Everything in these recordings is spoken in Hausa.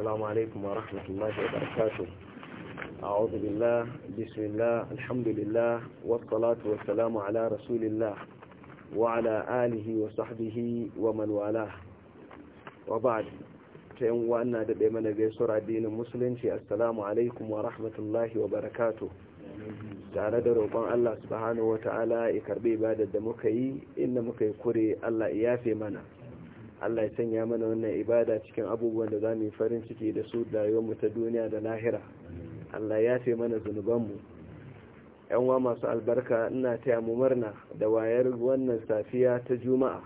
السلام عليكم ورحمة الله وبركاته أعوذ بالله بسم الله الحمد لله والصلاة والسلام على رسول الله وعلى آله وصحبه ومن والاه وبعد tayin wannan da ɗaya mana gaisuwar addinin musulunci assalamu alaikum wa rahmatullahi barakatu tare da roƙon Allah subhanahu wa ta'ala ya karɓi ibadar da muka yi inda muka yi kure Allah ya yafe mana Allah ya sanya mana wannan ibada cikin abubuwan da za mu yi farin ciki da su da mu ta duniya da lahira Allah ya fi mana zunubanmu yanwa wa masu albarka ina taya mu murna da wayar wannan safiya ta juma'a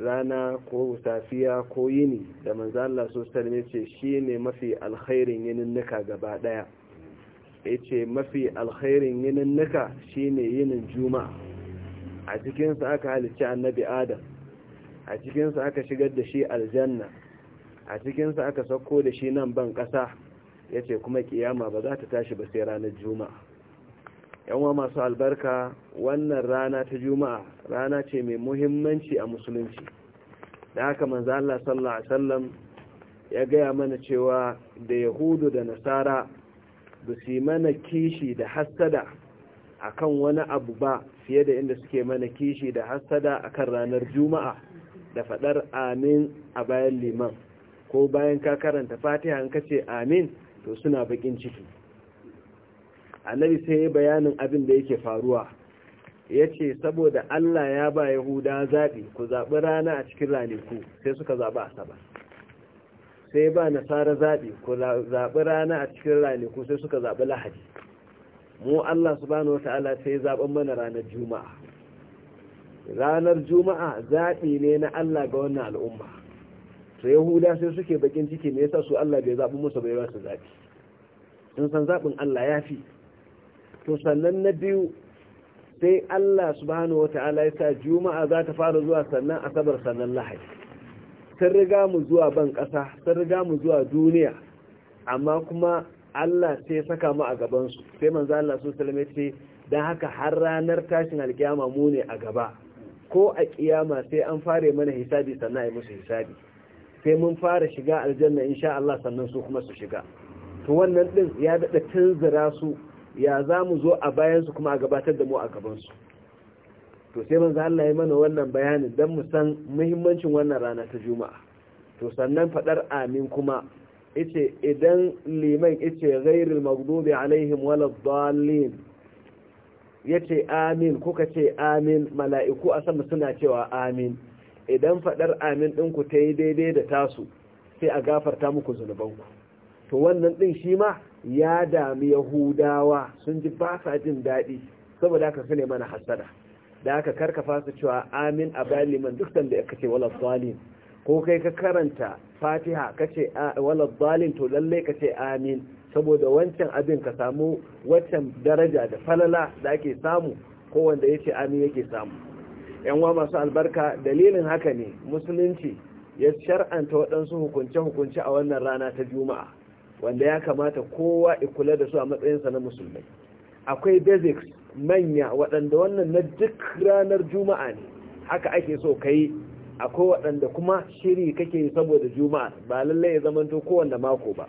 rana ko safiya ko yini da manzo Allah so sarme ce ne mafi alkhairin yinin nuka gaba daya ce mafi alkhairin yinin nuka shine yinin juma'a a cikin aka halicci annabi adam a cikinsa aka shigar da shi aljanna a cikinsa aka sauko da shi nan ban ƙasa ya ce kuma kiyama ba za ta tashi ba sai ranar juma'a yanwa masu albarka wannan rana ta juma'a rana ce mai muhimmanci a musulunci da haka manzo Allah sallallahu alaihi wasallam ya gaya mana cewa da yahudu da nasara ba su mana kishi da hassada akan wani abu ba fiye da inda suke mana kishi da hassada akan ranar juma'a da faɗar amin a bayan liman ko bayan ka karanta fatiha an kace amin to suna bakin ciki annabi sai ya bayanin abin da yake faruwa ya ce saboda allah ya ba yahuda zaɓi ku zaɓi rana a cikin ranaku sai suka zaɓi asabar sai ba nasara zaɓi ku zaɓi rana a cikin ranaku sai suka zaɓi lahadi mu allah subhanahu wa ta'ala sai zaɓen mana ranar juma'a ranar juma'a zaɓi ne na Allah ga wannan al'umma to yahuda sai suke bakin ciki ne yasa su Allah bai zaɓi musu bai ba su zaɓi sun san zaɓin Allah ya fi to sannan na biyu sai Allah subhanahu wata'ala ya sa juma'a za ta fara zuwa sannan asabar sannan lahadi sun riga mu zuwa ban ƙasa sun riga mu zuwa duniya amma kuma Allah sai saka mu a gabansu sai manzo Allah sallallahu alaihi wasallam ya ce dan haka har ranar tashin alkiyama mu ne a gaba ko a kiyama sai an fara mana hisabi sannan a yi musu hisabi sai mun fara shiga aljanna insha Allah sannan su kuma su shiga to wannan din ya dada tunzura su ya za mu zo a bayan su kuma a gabatar da mu a gaban su to sai manzo Allah ya mana wannan bayani dan mu san muhimmancin wannan rana ta juma'a to sannan fadar amin kuma yace idan liman yace ghairil maghdubi alaihim waladdallin ya ce amin kuka ce amin mala'iku a sama suna cewa amin idan faɗar amin ɗinku ta yi daidai da tasu sai a gafarta muku zunubanku to wannan ɗin shi ma ya dami yahudawa sun ji ba sa jin daɗi saboda haka su ne mana hasada da aka karkafa su cewa amin a baliman duk sanda ya kace wala zalim ko kai ka karanta fatiha kace wala zalim to lallai kace amin saboda wancan abin ka samu waccan daraja da falala da ake samu ko wanda yace amin yake samu yanwa masu albarka dalilin haka ne musulunci ya shar'anta waɗansu hukunce-hukunce a wannan rana ta juma'a wanda ya kamata kowa ya kula da su a matsayinsa na musulmai akwai basics manya waɗanda wannan na duk ranar juma'a ne haka ake so ka yi akwai waɗanda kuma shiri kake saboda juma'a ba lallai ya zamanto kowanne mako ba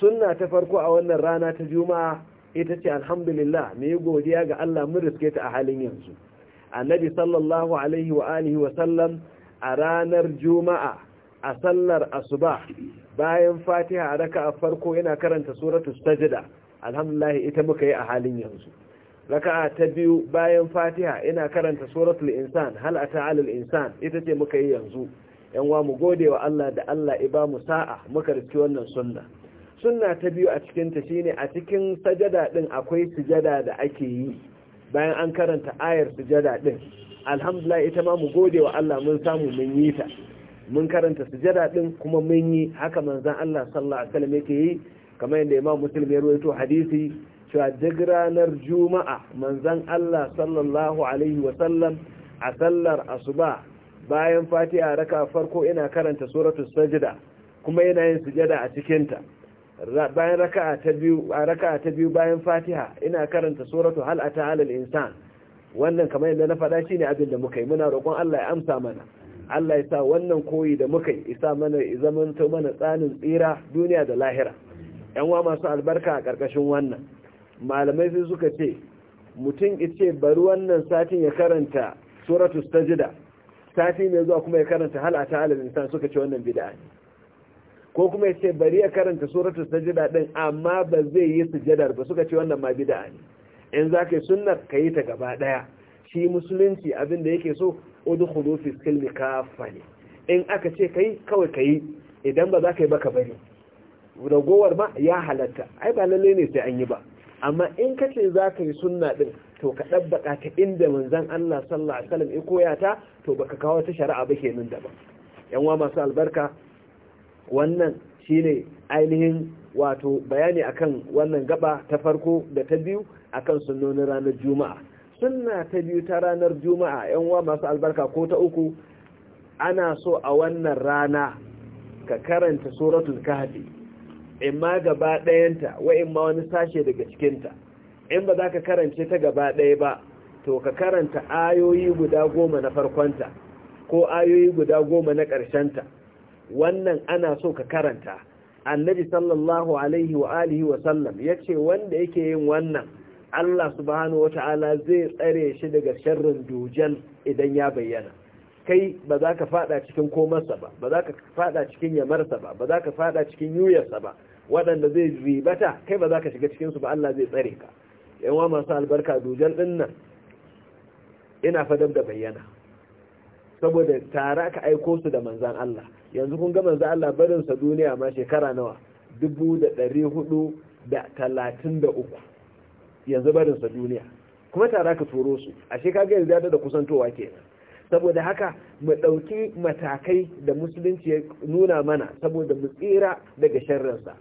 sunna ta farko a wannan rana ta juma'a ita ce alhamdulillah mu yi godiya ga Allah mun riske ta a halin yanzu annabi sallallahu alaihi wa alihi wa sallam a ranar juma'a a sallar asuba bayan fatiha a raka'a farko yana karanta suratul sajda alhamdulillah ita muka yi a halin yanzu raka'a ta biyu bayan fatiha ina karanta suratul insan hal ata alal insan ita ce muka yi yanzu yan wa mu gode wa Allah da Allah ibamu mu sa'a muka riski wannan sunna sunna ta biyu a cikinta shine a cikin sajada din akwai sujada da ake yi bayan an karanta ayar sujada din alhamdulillah ita ma mu gode wa Allah mun samu mun yi ta mun karanta sujada din kuma mun yi haka manzon Allah sallallahu alaihi wasallam yake yi kamar yadda Imam Muslim ya rawaito hadisi cewa duk ranar Juma'a manzon Allah sallallahu alaihi wasallam a sallar asuba bayan Fatiha raka farko ina karanta suratul sajada kuma yana yin sujada a cikinta bayan raka'a ta biyu raka'a ta biyu bayan fatiha ina karanta suratu hal ata alal insan wannan kamar yadda na faɗa shine abin da muka yi muna roƙon Allah ya amsa mana Allah ya sa wannan koyi da muka yi isa mana zaman to mana tsanin tsira duniya da lahira yan wa masu albarka a ƙarƙashin wannan malamai sai suka ce mutum ice bari wannan satin ya karanta suratu sajida sati mai zuwa kuma ya karanta hal ata alal insan suka ce wannan bid'a ne ko kuma ya ce bari ya karanta suratul sajda din amma ba zai yi sujadar ba suka ce wannan ma bid'a ne in za ka yi sunnar ka yi ta gaba daya shi musulunci abin da yake so udkhulu fi silmi kafani in aka ce kai kawai kai idan ba za ka yi ba ka bari ragowar ma ya halatta ai ba lalle ne sai an yi ba amma in ka ce za ka yi sunna din to ka ɗabbaƙa ta inda manzon Allah sallallahu alaihi wasallam ya koya ta to baka kawo ta shari'a ba kenan daban yan wa masu albarka wannan shi ne ainihin wato bayani akan wannan gaba ta farko da ta biyu akan sunnonin ranar juma'a sunna ta biyu ta ranar juma'a yan uwa masu albarka ko ta uku ana so a wannan rana ka karanta suratun kahfi in ma gaba ɗayanta wa in ma wani sashe daga cikinta in ba za ka karance ta gaba ɗaya ba to ka karanta ayoyi guda goma na farkonta ko ayoyi guda goma na ƙarshenta wannan ana so ka karanta annabi sallallahu alaihi wa alihi wa sallam yace wanda yake yin wannan Allah subhanahu wata'ala zai tsare shi daga sharrin dujal idan ya bayyana kai ba za ka fada cikin komarsa ba ba za ka fada cikin yamarsa ba ba za ka fada cikin yuyarsa ba waɗanda zai ribata kai ba za ka shiga cikinsu ba Allah zai tsare ka yawan masu albarka dujal ɗin nan ina fadar da bayyana saboda tare aka aiko su da manzan Allah yanzu kun ga manzan Allah barinsa duniya ma shekara nawa dubu da ɗari hudu da talatin da uku yanzu barinsa duniya kuma tare aka turo su a ga yanzu da kusantowa kenan saboda haka mu ɗauki matakai da musulunci ya nuna mana saboda mu tsira daga sharrinsa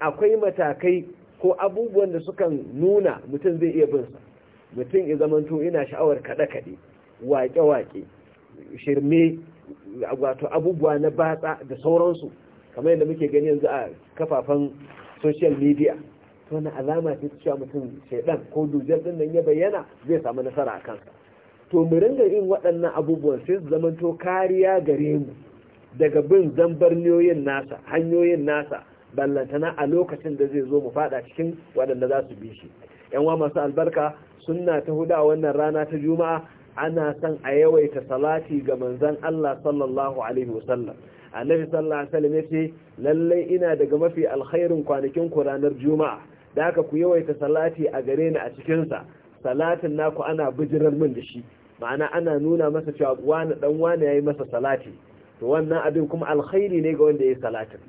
akwai matakai ko abubuwan da sukan nuna mutum zai iya bin sa mutum ya zamanto ina sha'awar kaɗe-kaɗe waƙe-waƙe shirme wato abubuwa na batsa da sauransu kamar yadda muke gani yanzu a kafafen social media to wani alama ce cewa mutum shaidan ko dujar din nan ya bayyana zai samu nasara a kansa to mu ringa yin waɗannan abubuwan sai su zamanto kariya gare mu daga bin zambarniyoyin nasa hanyoyin nasa ballantana a lokacin da zai zo mu fada cikin waɗanda za su bi shi yan wa masu albarka sunna ta huda wannan rana ta juma'a ana son a yawaita salati ga manzan Allah sallallahu alaihi wasallam annabi sallallahu alaihi wasallam yace lalle ina daga mafi alkhairin kwanakin ku ranar juma'a da haka ku yawaita salati a gare ni a cikin sa salatin naku ana bijirar min da shi ma'ana ana nuna masa cewa wani dan wani yayi masa salati to wannan abin kuma alkhairi ne ga wanda yayi salatin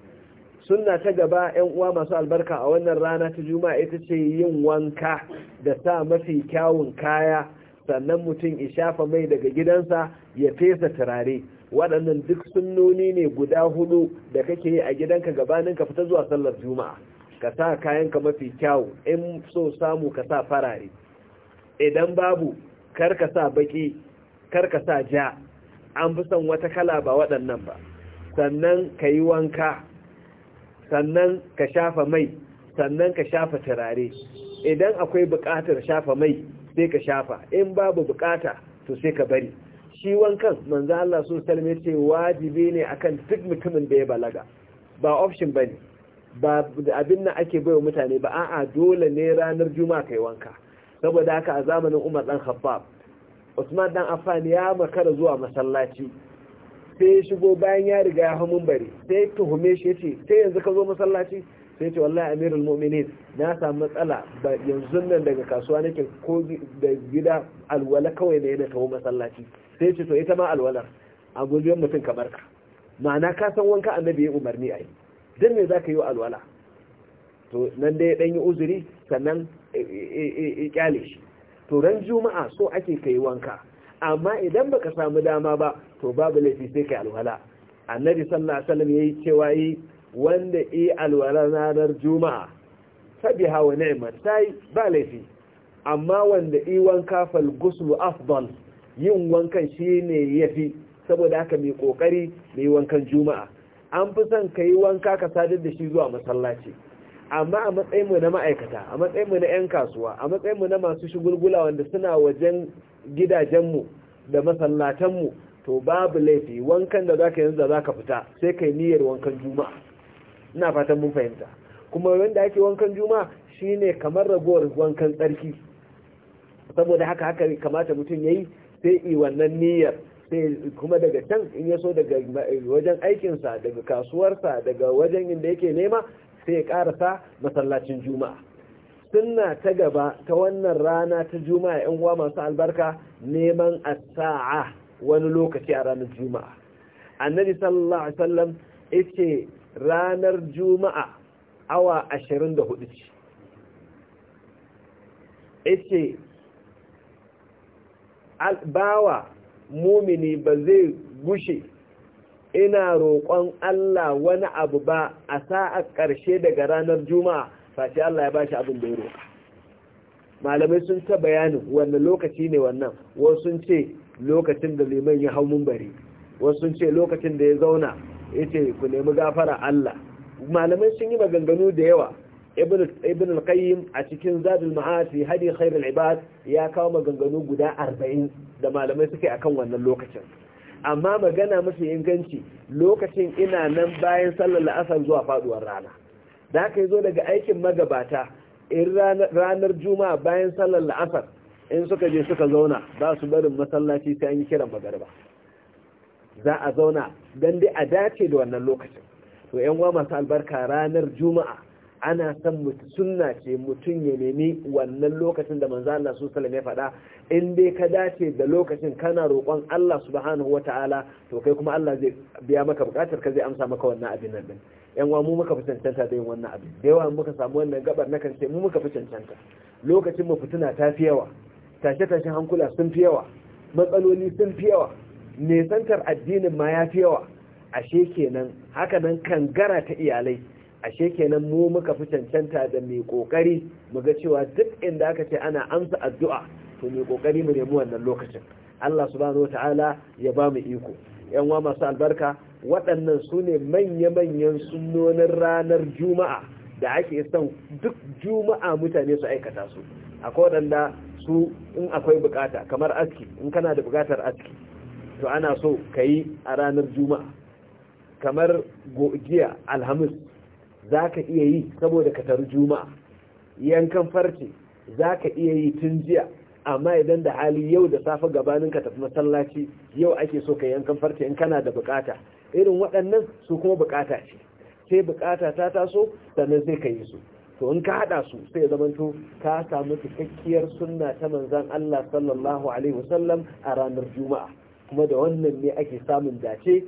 sunna ta gaba yan uwa masu albarka a wannan rana ta juma'a ita ce yin wanka da sa mafi kyawun kaya sannan mutum ya shafa mai daga gidansa ya fesa turare waɗannan duk sunnoni ne guda hudu da kake yi a gidanka gabanin ka fita zuwa sallar juma'a ka sa kayanka mafi kyau in so samu ka sa farare idan babu kar ka sa baki kar ka sa ja an fi son wata kala ba waɗannan ba sannan ka yi wanka sannan ka shafa mai sannan ka shafa turare idan akwai buƙatar shafa mai sai ka shafa in babu bukata to sai ka bari shi wankan manzo Allah sun salme ce wajibi ne akan duk mutumin da ya balaga ba option bane ba abin nan ake baiwa mutane ba a'a dole ne ranar juma'a kai wanka saboda haka a zamanin Umar dan Khattab Usman dan Affan ya makara zuwa masallaci sai ya shigo bayan ya riga ya hamun bari sai tuhume shi yace sai yanzu ka zo masallaci sai ce wallahi amirul mu'minin na samu matsala ba yanzu nan daga kasuwa nake ko da gida alwala kawai ne yana taho masallaci sai ce to ita ma alwalar a gujiyar mutum kamar ka ma'ana ka san wanka annabi ya umarni a yi dan me zaka yi alwala to nan dai dan yi uzuri sannan ya kyale shi to ran juma'a so ake kai wanka amma idan baka samu dama ba to babu laifi sai kai alwala annabi sallallahu alaihi wasallam yayi cewa yi wanda yi alwala ranar juma'a sabi hawa ta sai ba laifi amma wanda yi wanka fal guslu afdal yin wankan shine yafi saboda haka mai kokari mai wankan juma'a an fi son ka yi wanka ka sadar da shi zuwa masallaci amma a matsayinmu na ma'aikata a matsayinmu na 'yan kasuwa a matsayin mu na masu shigulgula wanda suna wajen gidajenmu da masallatanmu to babu laifi wankan da za ka yanzu da za ka fita sai ka yi niyyar wankan juma'a ina fatan mun fahimta kuma wanda ake wankan juma shine kamar ragowar wankan tsarki saboda haka haka kamata mutum yayi sai i wannan niyyar sai kuma daga can in ya so daga wajen aikinsa daga kasuwarsa daga wajen inda yake nema sai ya karasa masallacin juma'a sunna ta gaba ta wannan rana ta juma'a yan uwa masu albarka neman asa'a wani lokaci a ranar juma'a annabi sallallahu alaihi wasallam yace ranar juma'a awa 24 ce ce bawa mumini ba zai gushe ina roƙon Allah wani abu ba a sa'a ƙarshe daga ranar juma'a face Allah ya bashi abin da ya roƙa malamai sun ta bayanin wannan lokaci ne wannan wasu sun ce lokacin da liman ya hau mumbari wasu sun ce lokacin da ya zauna ce ku nemi gafara Allah malamai sun yi maganganu da yawa ibn al-qayyim a cikin zadul ma'ad fi hadi khairul ibad ya kawo maganganu guda 40 da malamai suke akan wannan lokacin amma magana mafi inganci lokacin ina nan bayan sallar la'asar zuwa faduwar rana da aka yi zo daga aikin magabata in ranar juma'a bayan sallar la'asar in suka je suka zauna ba su barin masallaci sai an yi kiran magarba za a zauna don dai a dace da wannan lokacin to yan gwa masu albarka ranar juma'a ana son sunna ce mutum ya nemi wannan lokacin da manzo Allah sallallahu alaihi ya faɗa in dai ka dace da lokacin kana roƙon Allah subhanahu wata'ala to kai kuma Allah zai biya maka buƙatar ka zai amsa maka wannan abin nan din yan wa mu muka fi cancanta da yin wannan abin da yawa muka samu wannan gabar na kan ce mu muka fi cancanta lokacin mu fituna ta fi yawa tashe tashen hankula sun fi yawa matsaloli sun fi yawa nesantar addinin ma ya fi yawa ashe kenan haka nan kangara ta iyalai ashe kenan mu muka fi cancanta da mai kokari mu ga cewa duk inda aka ce ana amsa addu'a to mai kokari mu nemi wannan lokacin Allah subhanahu wataala ya ba mu iko yan wa masu albarka waɗannan su ne manya-manyan sunnonin ranar juma'a da ake son duk juma'a mutane su aikata su akwai waɗanda su in akwai bukata kamar aski in kana da bukatar aski to ana so ka yi a ranar juma'a kamar gogiya alhamis za ka iya yi saboda ka taru juma'a yankan farce za ka iya yi tun jiya amma idan da hali yau da safe gabanin ka tafi masallaci yau ake so ka yankan farce in kana da bukata irin waɗannan su kuma bukata ce sai bukata ta taso sannan sai ka yi su to in ka hada su sai ya zamanto ka samu cikakkiyar sunna ta manzon Allah sallallahu alaihi wasallam a ranar juma'a kuma da wannan ne ake samun dace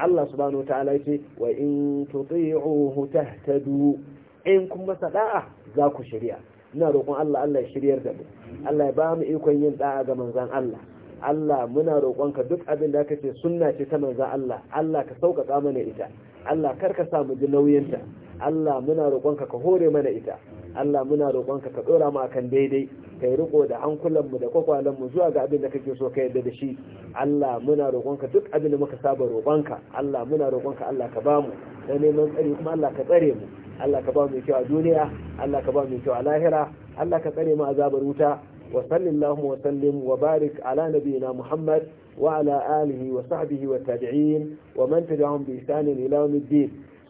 Allah subhanahu wataala yace wa in tuti'uhu tahtadu in kun masa da'a za ku shari'a ina roƙon Allah Allah ya shiryar da mu Allah ya ba mu ikon yin da'a ga manzon Allah Allah muna roƙonka duk abin da aka ce sunna ce ta manzon Allah Allah ka sauƙaƙa mana ita Allah kar ka sa mu ji nauyinta Allah muna roƙonka ka hore mana ita Allah muna roƙonka ka ɗora mu akan daidai ka yi riko da hankulanmu da kwakwalanmu zuwa ga abin da kake so ka yadda da shi Allah muna roƙonka duk abin da muka saba roƙonka Allah muna roƙonka Allah ka bamu da neman tsari kuma Allah ka tsare mu Allah ka ba mu kyau a duniya Allah ka ba mu kyau a lahira Allah ka tsare mu azabar wuta wa sallallahu wa sallim wa barik ala nabiyina Muhammad wa ala alihi wa sahbihi wa tabi'in wa man tabi'ahum bi ihsan ila yawmiddin